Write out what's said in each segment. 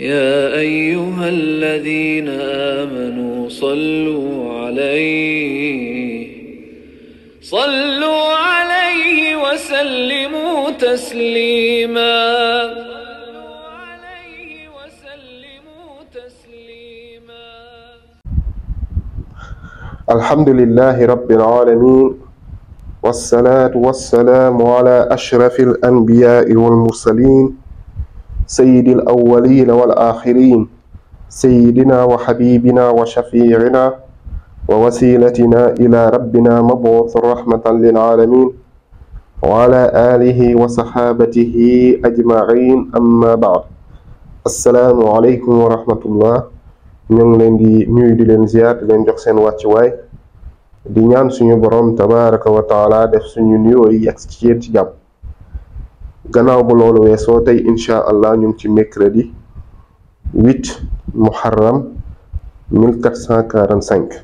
يا أيها الذين آمنوا صلوا عليه صلوا عليه وسلموا تسليما الحمد لله رب العالمين والصلاة والسلام على أشرف الأنبياء والمرسلين سيد الأولين والآخرين سيدنا وحبيبنا وشفيعنا ووسيلتنا إلى ربنا مبعوث رحمة للعالمين وعلى آله وصحابته أجمعين أما بعد السلام عليكم ورحمة الله ñu ngi leen di ñuy di leen ziyaar di leen jox seen wàccuwaay di ñaan suñu borom tabaraka wa taala def suñu nuyoo yi yegg ci yéen ci jàmm gannaaw bu loolu weesoo tey incha allah ñu ngi ci mercredi 8 muharram 1445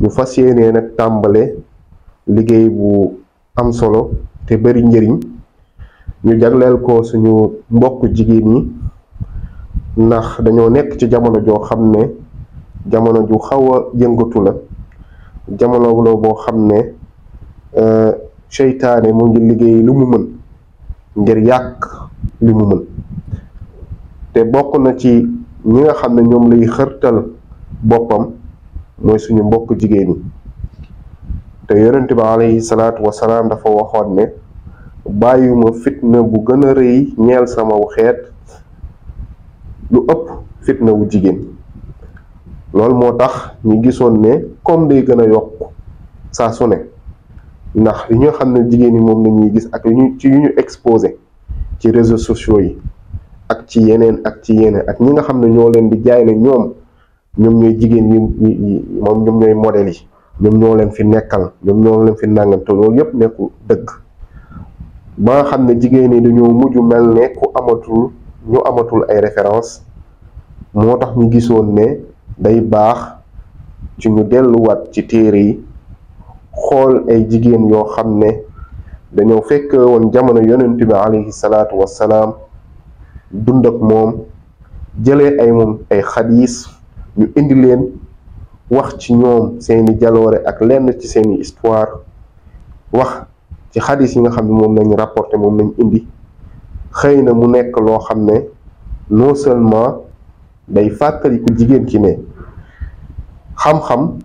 ñu fas yéenee nag tàmbale liggéey bu am solo te bari njëriñ ñu jagleel ko suñu mbokk jigéen ñi ndax dañoo nekk ci jamono joo xam ne jamono ju xaw a yëngatu la jamono la boo xam ne euh, seytaane mu ngi liggéey lu mu mën ngir yàq li mu mën te bokk na ci ñi nga xam ne ñoom lay xërtal boppam mooy suñu mbokk jigéen ñi te yonent bi alayhi salaatu wasalaam dafa waxoon ne bàyyuma fitna bu gën a rëy ñeel sama xeet lu ëpp fitna wu jigéen loolu moo tax ñi gisoon ne comme day gën a yokk saa su ne ndax li nga xam ne jigéen ñi moom lañuy gis ak ñu ci yu ñu exposé ci réseau sociaux yi ak ci yeneen ak ci yeneen ak ñi nga xam ne ñoo leen di jaay ne ñoom ñoom ñooy jigéen yi moom ñoom ñooy modèle yi ñoom ñoo leen fi nekkal ñoom ñoo leen fi nàngam te loolu yépp nekku dëkk ba nga xam ne jigéen yi dañoo mujj mel ne ku amatul ñu amatul ay référence moo tax ñu gisoon ne day baax ci ñu delluwaat ci téere yi xool ay jigéen yoo xam ne dañoo fekk woon jamono yonent bi alayhi salaatu wassalaam dund ak moom jële ay moom ay xadiis ñu indi leen wax ci ñoom seeni jaloore ak lenn ci seeni histoire wax ci xadiis yi nga xam ne moom nañ rapporté moom nañ indi xëy na mu nekk loo xam ne non seulement day fàttali jigéen ki ne xam-xam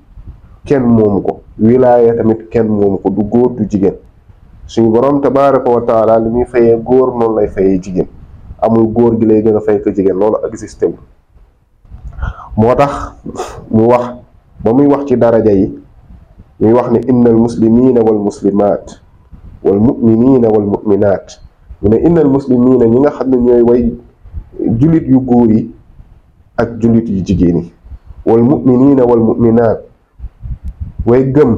kenn moomu ko wilaaya tamit kenn moomu ko du góor du jigéen suñu borom tabaraka wa taala muy fayee góor noonu lay fayee jigéen amul góor gi lay gën a fay ko jigéen loolu existé wul moo tax mu wax ba muy wax ci daraja yi muy wax ne innal muslimina wal muslimat wal muminina wal muminat mu ne innal muslimina ñi nga xam ne ñooy way jullit yu góor yi ak jullit yu jigéen yi wal muminina wal way gëm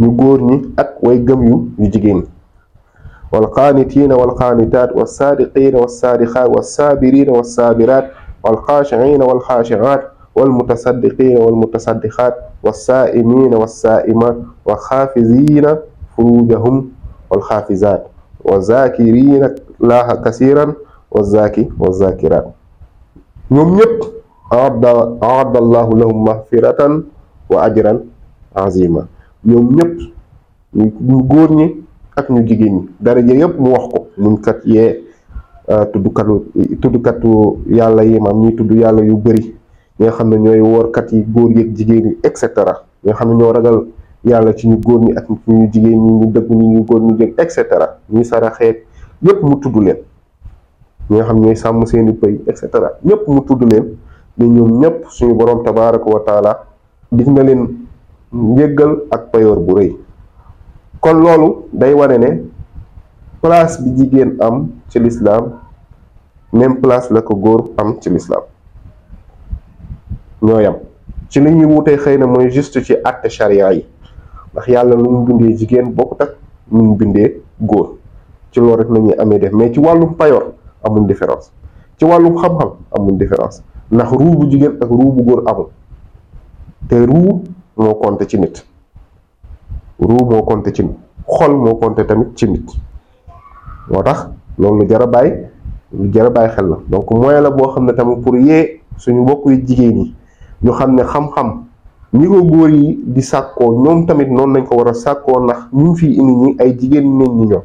ñu góor ñi ak way gëm yu yu jigéen ñi walqaanitiina walqaanitaat wassaadiqiina wassaadiqaat wassaabiriina wassaabiraat walxaashiciina walxaashicaat walmutasaddiqiina walmutasaddiqaat wassaa'imiina wassaa'imaat walxaafiziina furuujahum walxaafizaat wazakiriina laaha kasiiran wazaki wazakiraat ñoom ñëpp aadda aadda allahu lahum mahfiratan wa ajran azima ñoom ñëpp ñu góor ñi ak ñu jigéen ñi daraja yëpp mu wax ko mun yee euh, tuddkatu tuddkatu yàlla yi maam ñuy tudd yàlla yu bëri ñi nga xam ne ñooy woorkat yi góor yi ak jigéen yi et cetera ñi xam ne ñoo ragal yàlla ci ñu góor ñi ak ñu jigéen ñi ñu dëgg ñi ñu góor ñu jég et cetera ñuy saraxeet yépp mu tudd leen ñi nga xam ñooy sàmm seeni pëy et cetera ñëpp mu tudd leen ne ñoom ñëpp suñu borom tabaraka wa taala gis na leen njëggal ak payoor bu rëy kon loolu day ware ne place bi jigéen am ci lislaam même place la ko góor am ci lislaam ñoo ci li ñuy wutee xëy na mooy juste ci àtte charia yi ndax yàlla lu mu bindee jigéen bokkut ak lu mu bindee góor ci loolu rek ñuy amee def mais ci wàllum payoor amuñ différence ci wàllum xam-xam amul différence ndax ruu jigéen ak ruubu góor amul te ruu moo compté ci nit ruu moo compté ci nit xol moo compté tamit ci nit moo tax loolu lu jar a lu jar a xel na donc moyen la boo xam ne tamit pour yee suñu mbokk yu jigéen yi ñu xam ne xam-xam ñi ko góor yi di sàkkoo ñoom tamit noonu lañ ko war a sàkkoo nax ñu fi indi ñi ay jigéen nit ñi ñoom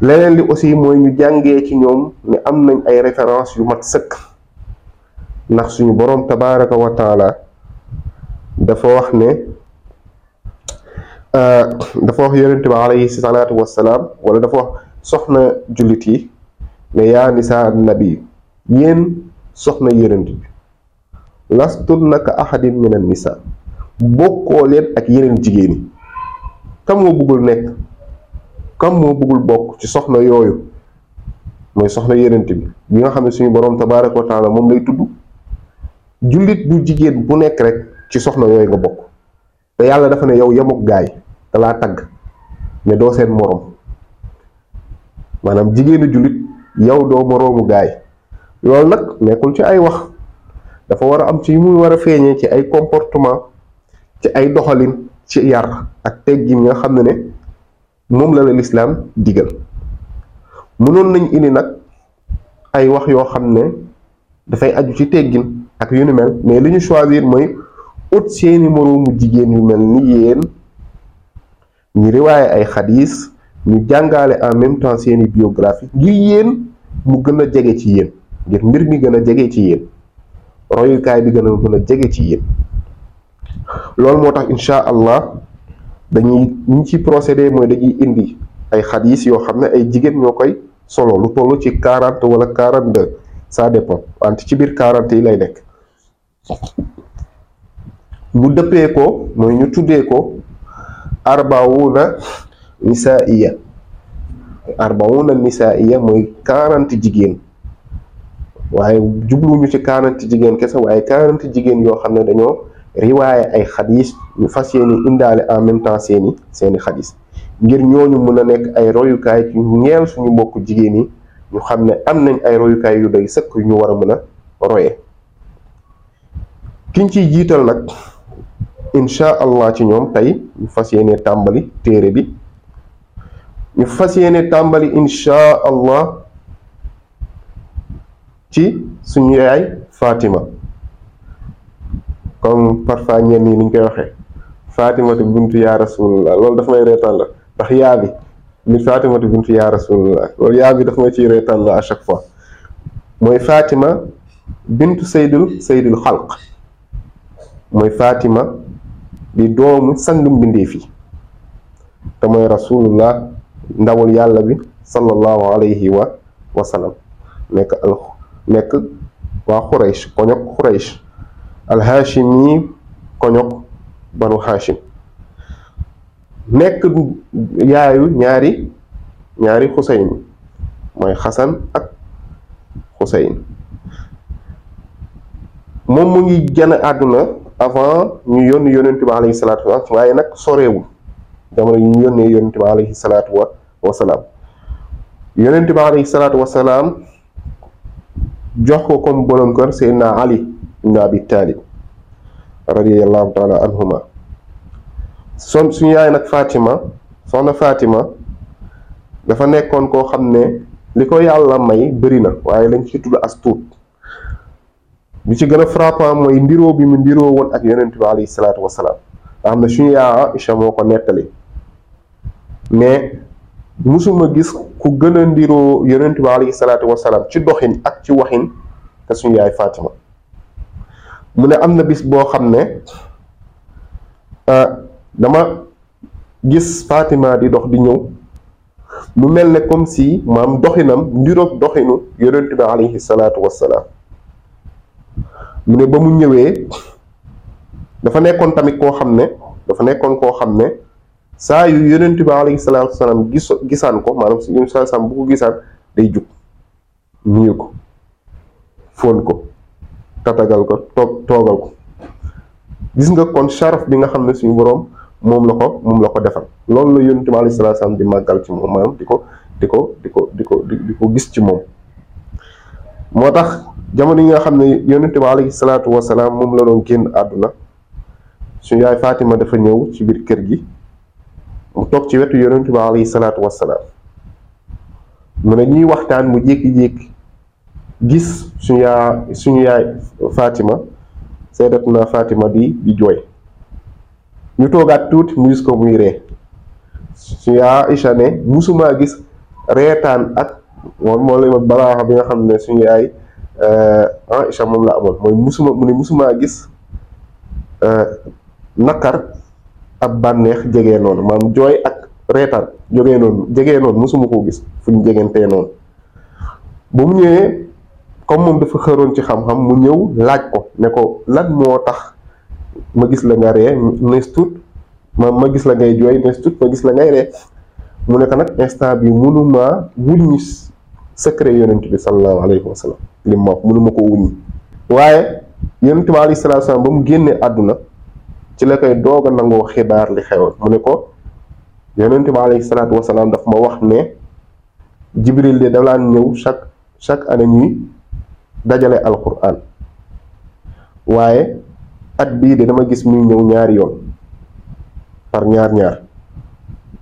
leneen li aussi mooy ñu jàngee ci ñoom ne am nañ ay référence yu mat sëkk ndax suñu boroom tabaraka wa taala dafa wax ne euh, dafa wax yonente bi alayhi wala dafa wax soxna jullit yi ne yaa nisaa nabi yéen soxna yonent bi lastunna ka ahadin min an bokkoo leen ak yeneen jigéen yi kam moo bëggul nekk kam moo bëggul bokk ci soxna yooyu mooy soxna yonent bi bi nga xam ne suñu boroom tabaaraka wa moom lay tudd jullit bu jigéen bu nekk rek ci soxna yooyu nga bokk te yàlla dafa ne yow yemuk gaay da laa tagg ne doo seen morom maanaam jigéenu jullit yow doo moroomu gaay loolu nag nekkul ci ay wax dafa war a am ci muy war a feeñee ci ay comportement ci ay doxalin ci yar ak teggin nga xam ne ne moom la la lislaam digal mënoon nañ indi nag ay wax yoo xam ne dafay aju ci teggin ak yu ni mel mais li ñu choisir mooy ut seeni moroomu jigéen yu mel ni yéen ñu riwaaye ay xadiis ñu jàngaale en même temps seeni biographie ngir yéen mu gën a jege ci yéen ngir mbir mi gën a jege ci yéen royukaay bi gën a gën a jege ci yéen loolu moo tax incha allah dañuy ñi ci procédé mooy dañuy indi ay xadiis yoo xam ne ay jigéen ñoo koy solo lu toll ci quarante wala quarante de ça dépend wante ci biir quarante yi lay nekk bu dëppee ko mooy ñu tuddee ko arbauna nisaiya arbauna nisaiya mooy quarante jigéen waaye jubluñu ci quarante jigéen kese waaye quarante jigéen yoo xam ne dañoo riwaaye ay xadis ñu fas yéeni indaale en même temps seeni seeni xadis ngir ñoo ñu mën a nekk ay royukaay ci ñeel suñu mbokk jigéen yi ñu xam ne am nañ ay royukaay yu doy sëkk yu ñu war a mën a roye ci jiital nag incha allah ci ñoom tey ñu fas yéene tàmbali téere bi ñu fas yéene tàmbali incha allah ci suñu yaay Fatima comme parfois ñenn ñi niñ koy waxee Fatimatu bintu yaa rasulullah loolu daf may reetaan la ndax yaa bi li Fatimatu bintu yaa rasulullah loolu yaa bi daf may ciy reetaan la à chaque fois mooy Fatima bintu Seydul Seydul xalq mooy Fatima. di doomu sang mbindeef yi te mooy rasulullah ndawul yàlla bi sallallahu alayhi wa wa sallam nekk waa xuraysh koñog xuraysh alhaashim yi koñog banu haashim nekk yaayu ñaari ñaari xuseyn mooy xasan ak xuseyn moom mu ngi gën àdduna avant ñu yónni yonent bi alayhi salaatu wa waaye nag soreewul jamono ñu yónnee yonent bi wa wasalaam yonent bi alayhi salaatu jox ko comme borom kër Seydina Ali ibn Abi Talib radiyallahu taala anhuma son suñu yaay nag Fatima soxna Fatima dafa nekkoon koo xam ne li ko yàlla may bëri na waaye lañ ci tudd as bi ci gën a frappant mooy ndiroo bi mu ndiroo woon ak yonent bi alayhi salaatu wasalaam nga xam ne suñu yaa Aïcha moo ko nettali mais musuma gis ku gën a ndiroo yonent bi alayhi salaatu wasalaam ci doxin ak ci waxin te suñu yaay Fatima mu ne am na bis boo xam ne euh, dama gis Fatima di dox di ñëw mu mel ne comme si maam doxinam ndiroog doxinu yonent bi alayhi salaatu wasalaam mu ne ba mu ñëwee dafa nekkoon tamit koo xam ne dafa nekkoon koo xam ne saa yu yonent bi alayhi salaam gis gisaan ko maanaam si yonent salaatu wasalaam bu ko gisaan day jug nuyu ko fóon ko tatagal ko toog toogal ko gis nga koon sharaf bi nga xam ne suñu boroom moom la ko moom la ko defal loolu la yonent bi alayhi salaatu wasalaam di màggal ci moom maanaam di ko di ko di ko di ko di ko gis ci moom moo tax jamono yi nga xam ne yonente bi salaatu wasalaam moom la doon génn àdduna suñu yaay Fatima dafa ñëw ci biir kër gi mu toog ci wetu yonente bi alayhi salaatu wasalaam mu ne ñuy waxtaan mu jékki-jékki gis suñu yaa suñu yaay Fatima sayyidatuna Fatima di di jooy ñu toogaat tuuti mu gis ko muy ree suñu yaa Aïcha ne musumaa gis reetaan ak moom moo la balaaxa bi nga xam ne suñu yaay euh, Aïcha moom la amoon mooy musuma mu ne musumaa gis euh, naqar ab bànneex jege noonu maam jooy ak reetaan jógee noonu jegee noonu musuma koo gis fu ñu jegentee noonu ba mu ñëwee comme moom dafa xëroon ci xam-xam mu ñëw laaj ko ne ko lan moo tax ma gis la nga ree nees tuut ma ma gis la ngay jooy nees tuut ma gis la ngay ree mu nekk nag instant bi mënumaa wuññis secret yonent bi sallallahu alayhi wa sallam li ma wax mënuma ko wuññi waaye yonent bi alayhi salaatu salaam ba mu génnee àdduna ci la koy doog a nangoo xibaar li xewoon mu ne ko yonent bi alayhi salaatu wa salaam daf ma wax ne jibril de dalaan ñëw chaque chaque année ñuy dajale alquran waaye at bii de dama gis muy ñëw ñaari yoon par ñaar ñaar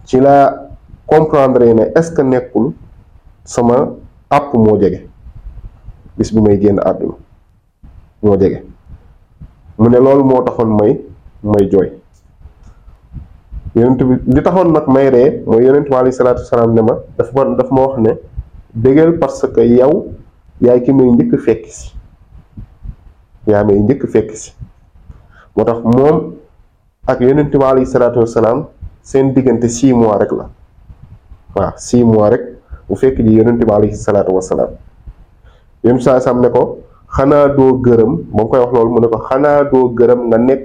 ci la comprendre ne est-ce que nekkul sama àpp moo jege bis bu may génn àdduna moo jege mu ne loolu moo taxoon may may jooy yonent bi li taxoon nag may ree mooy yonent bi alayhi salaatu wasalaam ne ma dafa ma dafa ma wax ne bégal parce que yow yaay ki may njëkk fekk si yaa may njëkk fekk si moo tax moom ak yonent bi alayhi salaatu wasalaam seen diggante six mois rek la waaw six mois rek bu fekk ji yonent bi alayhi salaatu wasalaam yém saa sam ne ko xanaa doo gërëm ba mu koy wax loolu mu ne ko xanaa doo gërëm nga nekk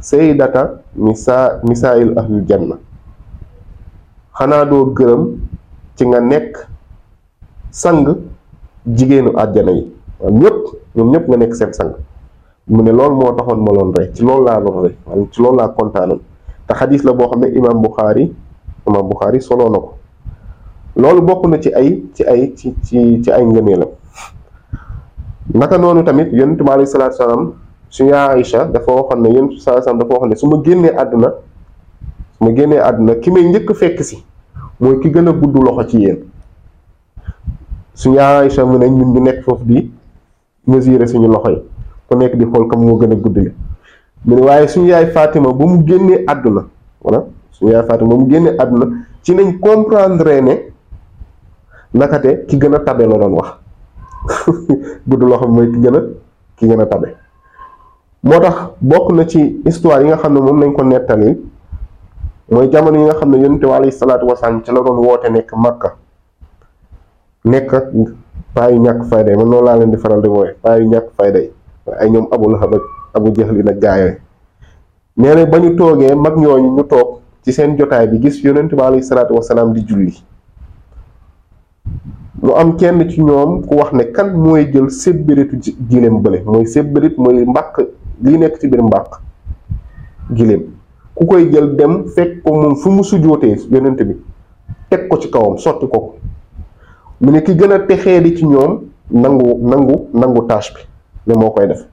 sayyidata misa misail ahlul janna xanaa doo gërëm ci nga nekk sang jigéenu àjjana yi waaw ñëpp ñoom ñëpp nga nekk seen sang mu ne loolu moo taxoon ma loon rek ci lool laa loon rek ci loolu laa kontaanoon te xadis la boo xam ne imaam Buxaari imaam Buxaari soloo na ko loolu bokk na ci ay ci ay ci ci ci ay ngëneelam naka noonu tamit yonent bi alayhi salaatu salaam suñu Aïcha dafa waxoon ne yonent bi salaam dafa waxoon ne su ma génnee àdduna ma génnee àdduna ki may njëkk fekk si mooy ki gën a gudd loxo ci yéen suñu Aïcha mu ne ñun ñu nekk foofu di mesurer suñu loxo yi ku nekk di xool kam moo gën a gudd li mu ne waaye suñu yaay Fatima ba mu génnee àdduna wala suñu yaay Fatima ba mu génnee àdduna ci nañ comprendre ne. nakate ki gën a tabe la doon wax gudd loo xam mooy ki gën a ki gën a tabe moo tax bokk na ci histoire yi nga xam ne moom lañ ko nettali mooy jamono yi nga xam ne yonente bi alayhi salaatu wasalaam ci la doon woote nekk Makka nekk ak paa yu ñàkk fayda yi man noonu laa leen di faral di wooye paa yu ñàkk fayda yi ay ñoom Abu Lahab ak Abu Jahl yi nag gaayooy nee na ba ñu toogee mag ñooñu ñu toog ci seen jotaay bi gis yonente bi alayhi salaatu wasalaam di julli mu am kenn ci ñoom ku wax ne kan mooy jël sébbiritu giléem bële mooy sébbirit mooy mbàq li nekk ci biir mbàq giléem ku koy jël dem fekk ko moom fu mu sujootee yonent bi teg ko ci kawam sotti ko ko mu ne ki gën a texee di ci ñoom nangu nangu nangu tâche bi ne moo koy def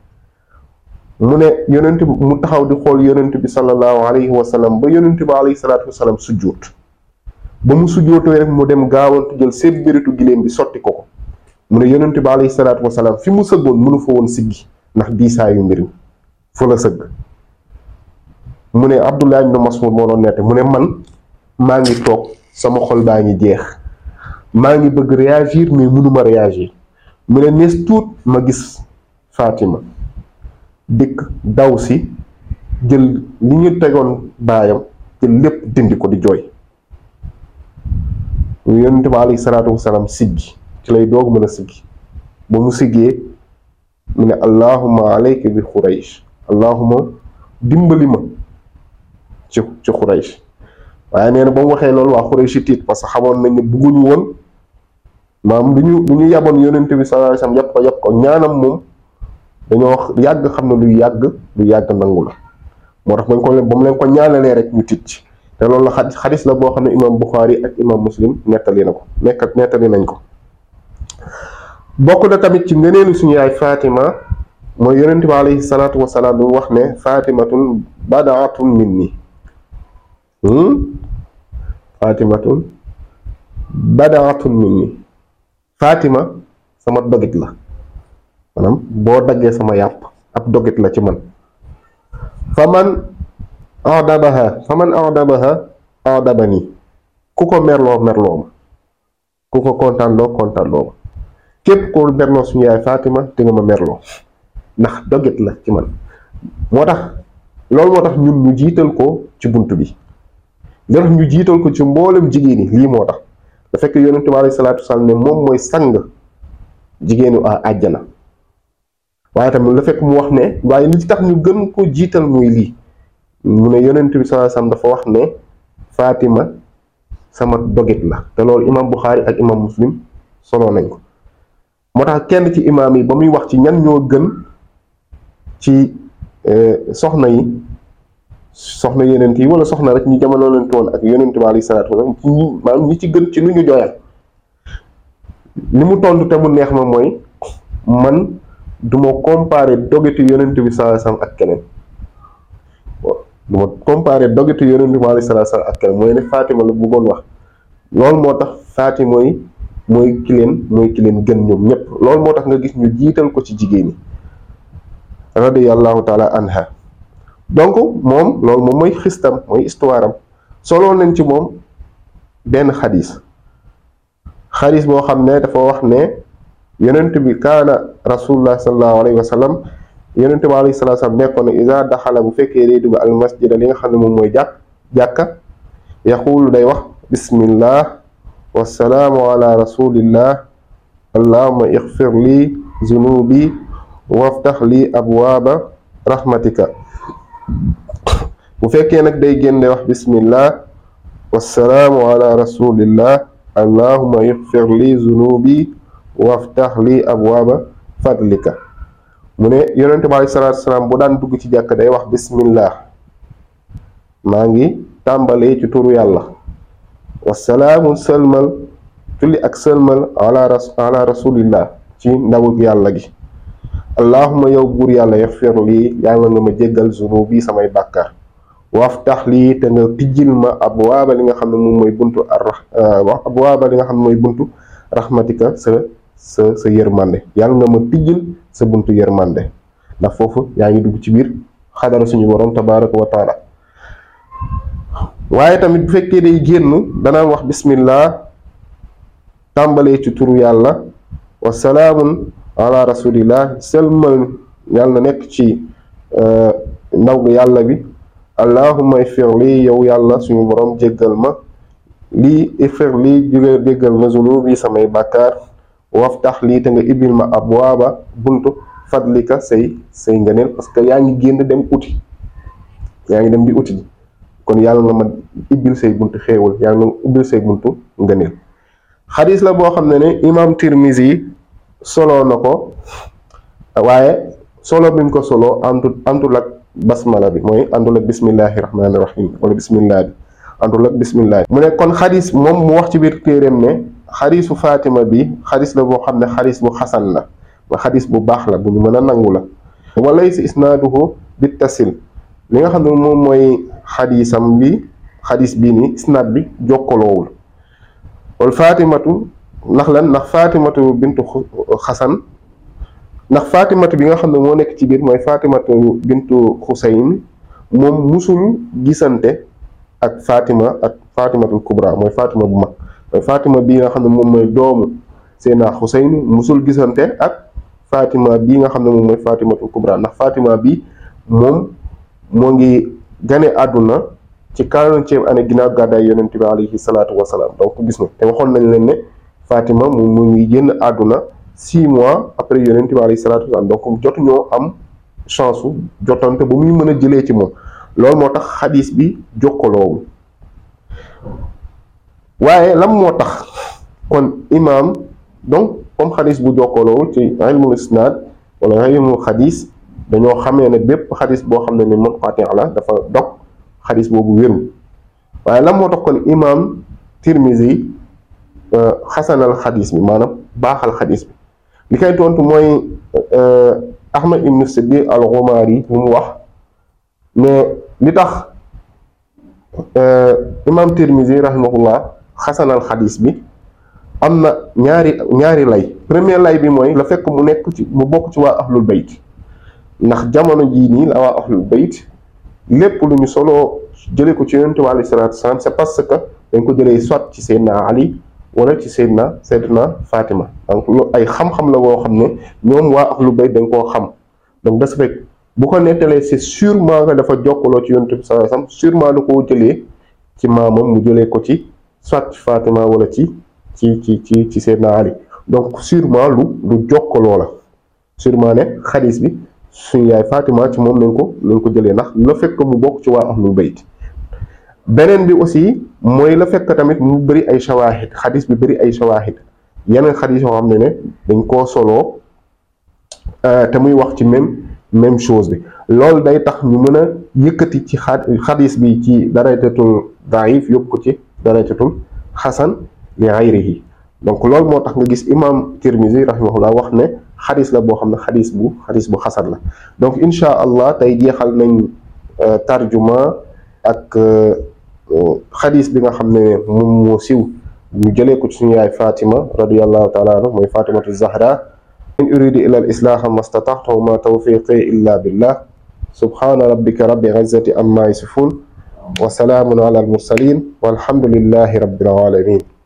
mu ne yonent bi mu taxaw di xool yonent bi sallallahu alayhi wa sallam ba yonent bi alayhi salaatu wa salaam ba mu sujjootee rek mu dem gaawantu jël seet bëritu giléem bi sotti ko ko mu ne yonent bi alayhi salaatu wasalaam fi mu sëggoon mënu fa woon siggi ndax diisaayu mbir mi fa la sëgg mu ne Abdullah ibn Mas'ud moo doon nette mu ne man maa ngi toog sama xol baa ngi jeex maa ngi bëgg réagir mais mënuma réagir mu ne nees tuut ma gis Fatima dikk daw si jël li ñu tegoon baayam jël lépp dindi ko di jooy yonent ba alayhi salaatu salaam siggi ci lay doog mën a siggi ba mu siggee mu ne allahuma alayka bi xuraysh allahuma dimbali ma ci ci xuraysh waaye nee ba mu waxee loolu waa xuraysh tiit parce que xamoon nañ ne bugguñu woon maam lu ñu lu ñu yaboon yonent bi sallallahu alayhi wasallam yàpp ko yàpp ko ñaanam moom dañoo wax yàgg xam ne lu yàgg lu yàgg nangu la moo tax bañ ko ba mu leen ko ñaanalee rek ñu tiit ci te loolu la xadis xadis la boo xam ne imam Bukhari ak imam Muslim nettali na ko nekkat nettali nañ ko bokk na tamit ci ngëneelu suñu yaay Fatima mooy yeneen bi alayhi salaatu wa salaam wax ne Fatimatun badaatun minni hmm? Fatimatun badaatun minni Fatima sama dogit la maanaam boo daggee sama yàpp ab dogit la ci man fa man adabaha faman adabaha adabani ku ko merloo merloo ma ku ko kontaanloo kontaanloo ma képp ko merloo suñu yaay Fatima te nga ma merloo ndax doget la ci man moo tax loolu moo tax ñun ñu jiital ko ci bunt bi loolu tax ñu jiital ko ci mboolem jigéen yi lii moo tax da fekk yonent bi alayhi salaatu wasalaam ne moom mooy sang jigéenu a àjjana waaye tamit la fekk mu wax ne waaye li tax ñu gën ko jiital muy lii mu ne yonent bi sallallahu alayhi dafa wax ne Fatima sama dogit la te loolu imam Bukhari ak imam Muslim solo nañ ko moo tax kenn ci imaam yi ba muy wax ci ñan ñoo gën ci eh, soxna yi soxna yonent yi wala soxna rek ñu jamono leen toon ak yonent bi alayhi salaatu wasallam maanaam ñi ci gën ci lu ñu jooyal li mu tontu te mu neex ma mooy man duma comparer dogitu yonent bi sallallahu alayhi ak keneen bu ma comparé dogetu yonent bi alayhi salaatu salaam ak kenn mooy ne Fatima la bëggoon wax loolu moo tax Fatima yi mooy ki leen mooy ki leen gën ñoom ñépp loolu moo tax nga gis ñu jiital ko ci jigéen ñi radiyallahu taala anha donc moom loolu moom mooy xistam mooy histoire am soloon nañ ci moom benn xadis xadis boo xam ne dafa wax ne yonent bi kaana rasulullah sallallahu alayhi wa sallam yonente bi alayhi salaatu salaam nekkoon na isa daxala bu fekkee day dugg al masjida li nga xam ne moom mooy jàkk jàkka day wax bismillah wasalaamu ala rasulillah allahuma ixfir li zunubi fekkee nag day génn day wax bismillah wasalaamu ala rasulillah allahuma ixfir li zunubi waftax li abwaaba fadlika mu ne yonente bi alayhi salaatu salaam bu daan dugg ci jàkk day wax bismillah maa ngi tàmbalee ci turu yàlla wasalaamu sëlmal julli ak sëlmal ala ras ci ndawug yàlla gi allahuma yow buur yàlla yafiru lii yàlla nga ma jéggal zunubi samay bàkkaar tax lii te nga tijjil ma abwaaba li nga xam ne moom mooy buntu ar euh, abwaaba li nga xam mooy buntu rahmatika sa sa sa yàlla nga ma tijjil sa buntu yërmande ndax foofu yaa ngi dugg ci biir xadara suñu borom tabaraka wa waaye tamit bu fekkee day génn dana wax bismillah tàmbalee ci turu yàlla wa salaamun ala rasulillah selmal yàlla nekk ci euh, ndaw yàlla bi allahuma ifir lii yow yàlla suñu borom jéggal ma lii ifir lii jéggal ma zunubi samay bàkkaar tax lii te nga ibbil ma abwaaba buntu fadlika say say ngëneel parce que yaa ngi génn dem uti yaa ngi dem di uti kon yàlla nga ma ibbil say buntu xéewal yàlla nga ma ibbil say buntu ngëneel xadis la boo xam ne ne imam Tirmizi solo na ko waaye solo bi mu ko solo antu antul ak basmala bi mooy antul ak bismillahi rahmaani rahim wala bismillah bi antul ak bismillah mu ne kon xadis moom mu wax ci biir téeréem ne xarisu Fatima bi xaris la boo xam ne xaris bu xasan la ma bu baax la bu ñu mën a nangu la walay si isnaaduhu bittasil li nga xam ne moom mooy xadisam bi xadis bi ni isnaad bi jokkaloowul wal Fatimatu ndax la ndax Fatimatu bintu xasan ndax Fatimatu bi nga xam ne moo nekk ci biir mooy Fatimatu bintu xusayn moom musul gisante ak Fatima ak Fatimatul kubra mooy Fatima bu mag Fatima bii nga xam ne moom mooy doomu Seydina Xuseyn musul gisante ak Fatima bii nga xam ne moom mooy Fatimatul Kubra ndax Fatima bi moom moo ngi gane àdduna ci quarantième année ginnaaw gàddaay yonent bi alayhi salaatu wasalaam donc gis na waxoon nañ leen ne Fatima moom mu ngi génn àdduna six mois après yonent bi alayhi salaatu wasalaam donc jotu ñoo am chance su jotante ba muy mën a jëlee ci moom loolu moo tax xadiis bi jokkaloowul waaye lam moo tax kon imaam donc comme xadis bu jokkaloowul ci ilmul isnaad wala ilmul xadis dañoo xamee ne bépp xadis boo xam ne ni moom munqati la dafa dog xadis boobu wérul waaye lan moo tax kon imaam Tirmizi euh, xasanal xadis bi maanaam baaxal xadis bi li tontu mooy euh, Ahmad ibn Siddi al-Ghumari bu mu wax mais li tax euh, imaam Tirmizi rahimahullah xasanal xadis bi am na ñaari ñaari lay premier lay bi mooy la fekk mu nekk ci mu bokk ci waa lu bayt ndax jamono jii nii la waa ahlul bayt lépp lu ñu solo jëlee ko ci yonente bi alayhi salaatu wasalaam c'est parce que dañ ko jëlee soit ci Seydina Ali wala ci Seydina Seydina Fatima donc lo ay xam-xam la woo xam ne ñoom waa lu bayt dañ koo xam donc das fekk bu ko nettalee c'est sûrement que dafa jokkaloo ci yonente bi salaatu wasalaam sûrement da koo jëlee ci maamam mu jëlee ko ci soit Fatima wala ci ci ci ci ci Seydina Ali donc sûrement lu lu jokkaloo la sûrement ne xadis bi suñ yaay Fatima ci moom nañ ko nañ ko jëlee ndax la fekk mu bokk ci waa ahlul bayt beneen bi aussi mooy la fekk tamit mu bëri ay shawahid xadis bi bëri ay shawahid yeneen xadis yoo xam ne ne dañ koo soloo euh, te muy wax ci même même chose bi loolu day tax ñu mën a yëkkati ci xadis bi ci daraytatul daif yóbbu ko ci darajatul xasan li gayrihi donc loolu moo tax nga gis imam Tirmizi rahimahullah wax ne xadis la boo xam ne xadis bu xadis bu xasan la donc incha allah tey jeexal nañ euh, tarjuma ak euh, xadis bi nga xam ne moom siw ñu jëlee ko ci suñu yaay Fatima radiyallahu taala anha mooy Fatimatu Zahra in uridu illa al islaaha mastata'tu wa ma tawfiqi illa billah subhana rabbika rabbil izzati amma yasifun wa salaamun ala al mursalin walhamdulillahi rabbil alamin